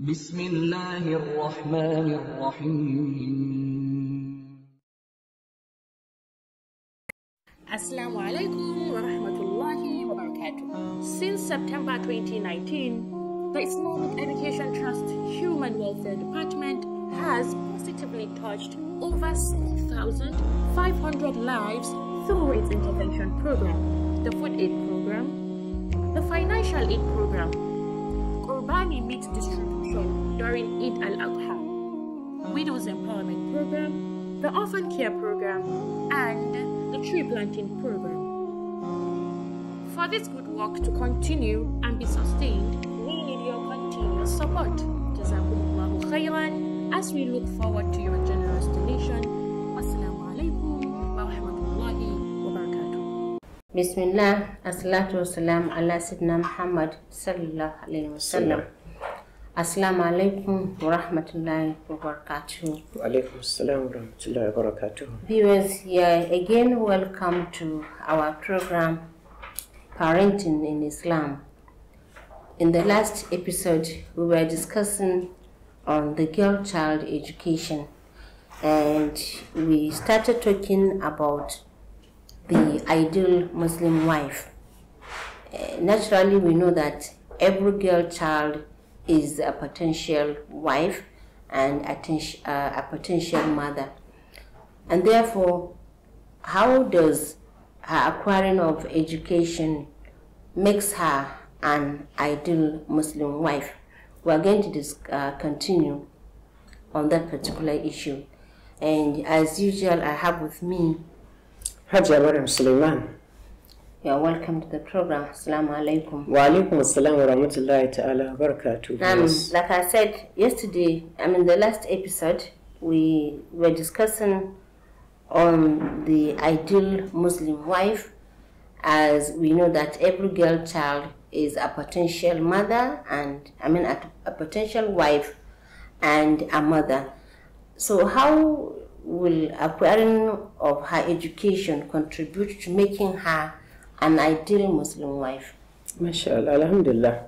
بسم الله الرحمن الرحيم Assalamu alaikum wa rahmatullahi wa barakatuh. Since September 2019, the Islamic Education Trust Human Welfare Department has positively touched over 6,500 lives through its intervention program, the food aid program, the financial aid program, Kobani meat distribution during Eid al-Adha, Widows Empowerment Program, the Orphan Care Program, and the Tree Planting Program. For this good work to continue and be sustained, we need your continuous support. Jazakumullahu khairan as we look forward to your generous donation. Wassalamu alaikum. Bismillah, assalatu wassalam ala sidna Muhammad sallallahu wa rahmatullahi wa barakatuh. Wa alaikum assalam wa rahmatullahi wa barakatuh. Viewers, here again, welcome to our program, Parenting in Islam. In the last episode, we were discussing on the girl child education and we started talking about the ideal Muslim wife. Eh, naturally, we know that every girl child is a potential wife and uh, a, potential mother. And therefore, how does her acquiring of education makes her an ideal Muslim wife? We are going to uh, continue on that particular issue. And as usual, I have with me Hajiya Maryam Suleiman. You are welcome to the program. Assalamu alaikum. Wa alaikum assalam wa rahmatullahi ta'ala barakatuh. Um, Like I said yesterday, I mean the last episode, we were discussing on the ideal Muslim wife as we know that every girl child is a potential mother and I mean a, a potential wife and a mother. So how will acquiring of her education contribute to making her an ideal Muslim wife? MashaAllah, Alhamdulillah.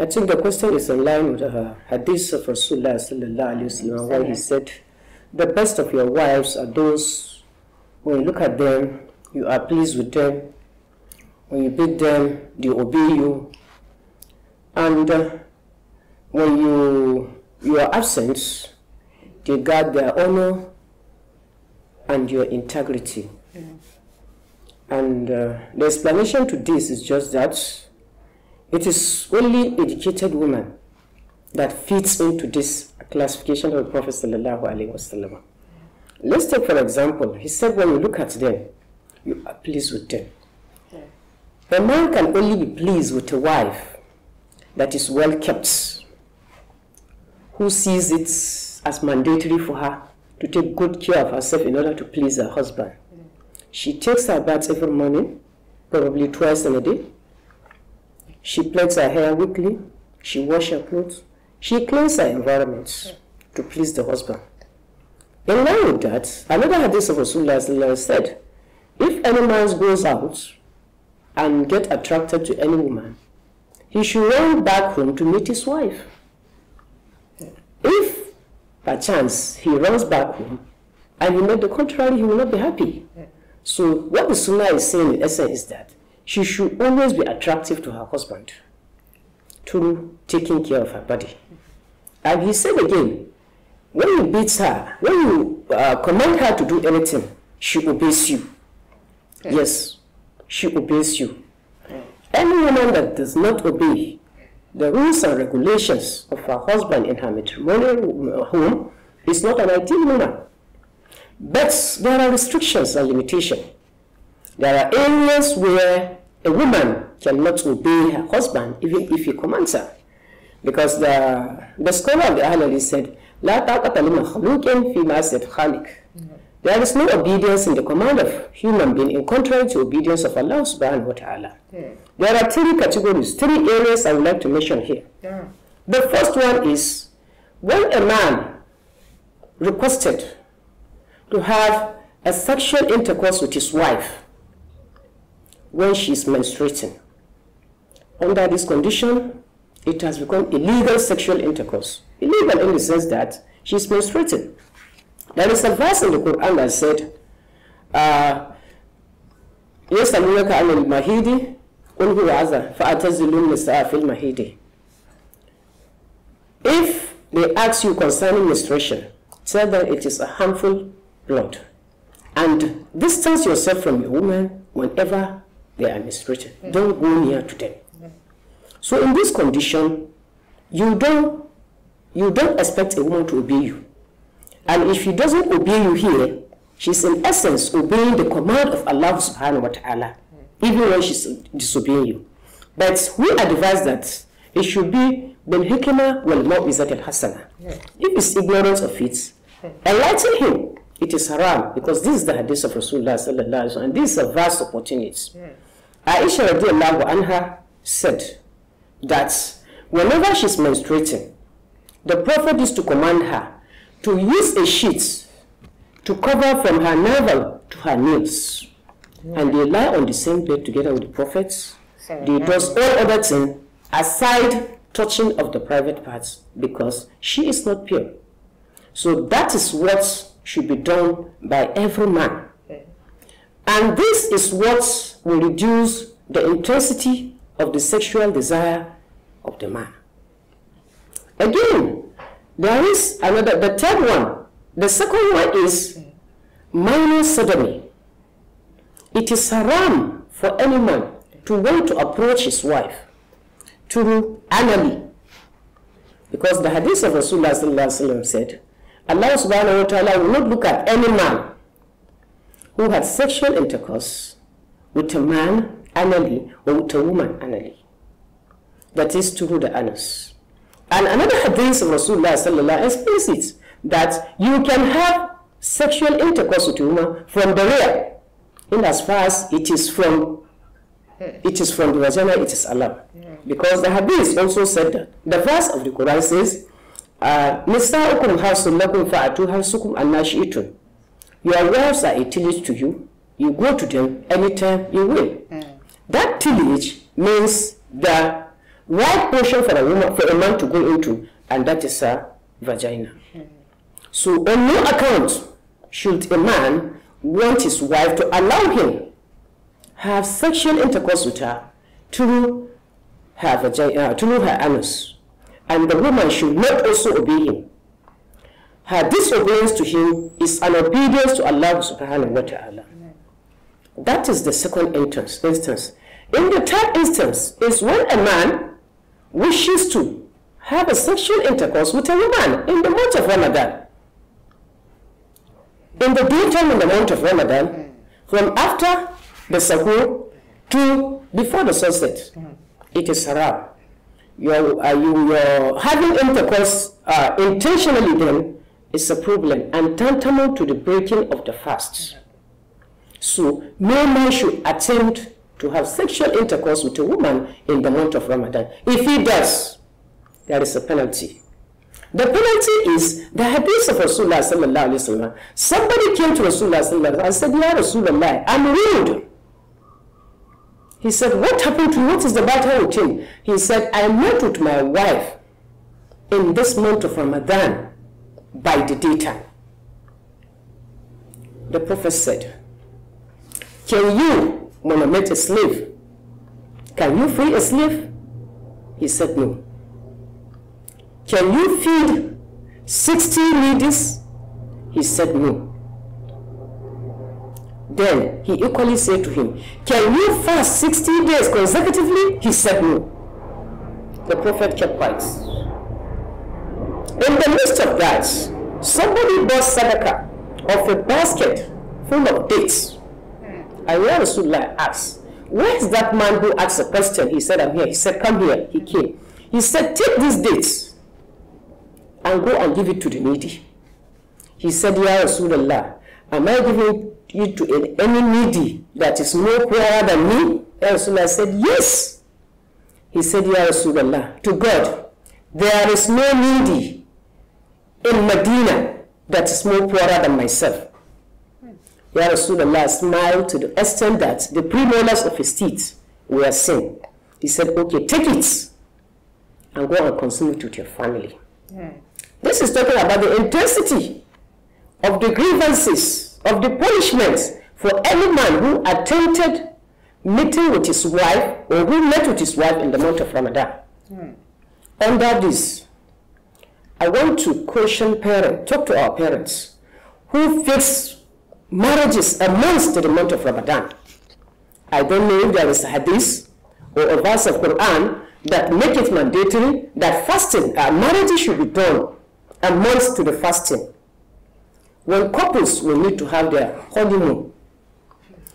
I think the question is in line with the hadith of Rasulullah sallallahu wasallam, where he said, The best of your wives are those, when you look at them, you are pleased with them. When you beat them, they obey you. And uh, when you, you are absent, they guard their honor and your integrity. And uh, the explanation to this is just that it is only educated women that fits into this classification of the Prophet sallallahu alaihi wasallam. Let's take for example, he said when you look at them, you are pleased with them. A man can only be pleased with a wife that is well kept, who sees it as mandatory for her to take good care of herself in order to please her husband. She takes her baths every morning, probably twice in a day. She plaits her hair weekly. She washes her clothes. She cleans her environment to please the husband. In line with that, another hadith of Rasulullah said, if any man goes out and get attracted to any woman, he should run back home to meet his wife. If perchance he runs back home and he made the contrary, he will not be happy. So what the Sunnah is saying in essence is that she should always be attractive to her husband through taking care of her body. And he said again, when you beat her, when you uh, command her to do anything, she obeys you. Yes, she obeys you. Any woman that does not obey the rules and regulations of her husband in her matrimonial home is not an ideal manner. But there are restrictions and limitations. There are areas where a woman cannot obey her husband even if he commands her. Because the, the scholar of the Ahlali said, "La There is no obedience in the command of human being in contrary to obedience of Allah subhanahu wa ta'ala. Yeah. There are three categories, three areas I would like to mention here. Yeah. The first one is when a man requested to have a sexual intercourse with his wife when she is menstruating. Under this condition, it has become illegal sexual intercourse. Illegal in the sense that she is menstruating. There is a verse in the Quran that said, uh, Yes, Mahidi, قل for عذا Mr. النساء If they ask you concerning menstruation, tell them it is a harmful blood. And distance yourself from a woman whenever they are menstruating. Mm -hmm. Don't go near to them. Mm -hmm. So in this condition, you don't you don't expect a woman to obey you. And if she doesn't obey you here, she's in essence obeying the command of Allah subhanahu wa ta'ala even when she's disobeying you. But we advise that it should be bil hikmah wal mau'izat al hasana. If he's ignorant of it, hmm. enlighten him. It is haram because this is the hadith of Rasulullah sallallahu alaihi wasallam, and this is a vast opportunity. Yeah. Aisha radiallahu anha said that whenever she's menstruating, the Prophet is to command her to use a sheet to cover from her navel to her knees yeah. and they lie on the same bed together with the prophets. So, they yeah. does all other things aside touching of the private parts because she is not pure. So that is what should be done by every man. And this is what will reduce the intensity of the sexual desire of the man. Again, there is another, the third one. The second one is minor sodomy. It is haram for any man to want to approach his wife to anally. Because the hadith of Rasulullah said, Allah subhanahu wa ta'ala will not look at any man who had sexual intercourse with a man anally or with a woman anally. That is to the anus. And another hadith of Rasulullah explicit that you can have sexual intercourse with a woman from the rear in as far as it is from it is from the vagina, it is allowed. Yeah. Because the hadith also said that. The verse of the Quran says, uh, Nisa'ukum hausun lakum annashi'itun. Your wives are a tillage to you. You go to them anytime you will. Yeah. That tillage means the right portion for a woman, for a man to go into, and that is a vagina. Yeah. So on no account should a man want his wife to allow him have sexual intercourse with her through her, vagina, uh, through her anus, and the woman should not also obey him. Her disobedience to him is an obedience to Allah subhanahu wa ta'ala. That is the second instance. instance. In the third instance is when a man wishes to have a sexual intercourse with a woman in the month of Ramadan in the daytime, in the month of Ramadan, from after the sahur to before the sunset, it is haram. You are, uh, you, are having intercourse uh, intentionally then is a problem and tantamount to the breaking of the fast. So no man should attempt to have sexual intercourse with a woman in the month of Ramadan. If he does, there is a penalty. The penalty is the hadith of Rasulullah sallallahu alayhi wa Somebody came to Rasulullah sallallahu alayhi and said, Ya Rasulullah, I'm rude. He said, what happened to you? What is the matter with him? He said, I met with my wife in this month of Ramadan by the data. The prophet said, can you monomate a slave? Can you free a slave? He said, no. Can you feed 60 ladies? He said no. Then he equally said to him, Can you fast 60 days consecutively? He said no. The prophet kept quiet. In the midst of that, somebody bought sadaka of a basket full of dates. I when Rasulullah ask, Where is that man who asked a question? He said, I'm here. He said, Come here. He came. He said, Take these dates and go and give it to the needy. He said, Ya Rasulullah, am I giving it to any needy that is no poorer than me? Ya Rasulullah said, yes. He said, Ya Rasulullah, to God, there is no needy in Medina that is more poorer than myself. Ya Rasulullah smiled to the extent that the premolars of his teeth were seen. He said, okay, take it and go and consume it with your family. Yeah. This is talking about the intensity of the grievances, of the punishments for any man who attempted meeting with his wife or who met with his wife in the month of Ramadan. Hmm. Under this, I want to caution parents, talk to our parents who fix marriages amongst the month of Ramadan. I don't know if there is a hadith or a verse of Quran that make it mandatory that fasting, uh, marriages should be done to the fasting. When couples will need to have their honeymoon,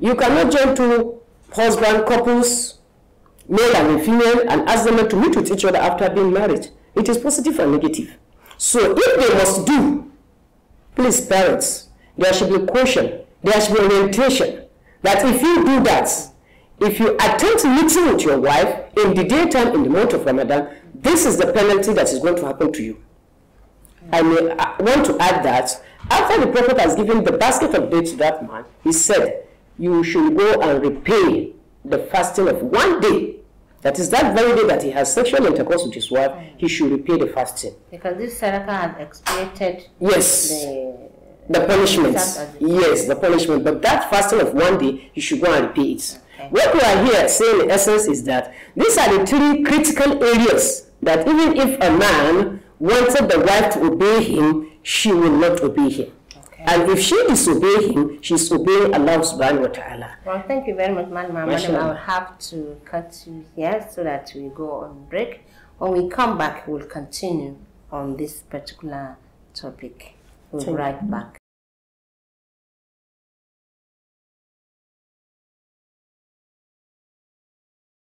you cannot join two husband couples, male and female, and ask them to meet with each other after being married. It is positive and negative. So if they must do, please parents, there should be caution, there should be orientation, that if you do that, if you attempt meeting with your wife in the daytime in the month of Ramadan, this is the penalty that is going to happen to you. I may want to add that after the prophet has given the basket of dates to that man, he said, You should go and repay the fasting of one day. That is that very day that he has sexual intercourse with his wife, he should repay the fasting. Because this Saraka has expiated yes. the, the punishment. The yes, the punishment. But that fasting of one day, he should go and repay it. Okay. What we are here saying in essence is that these are the three critical areas that even if a man wanted the wife to obey him, she will not obey him. And if she disobey him, she's obeying Allah subhanahu wa ta'ala. Well, thank you very much, Madam. Madam, I will have to cut you here so that we go on break. When we come back, we'll continue on this particular topic. We'll be right back.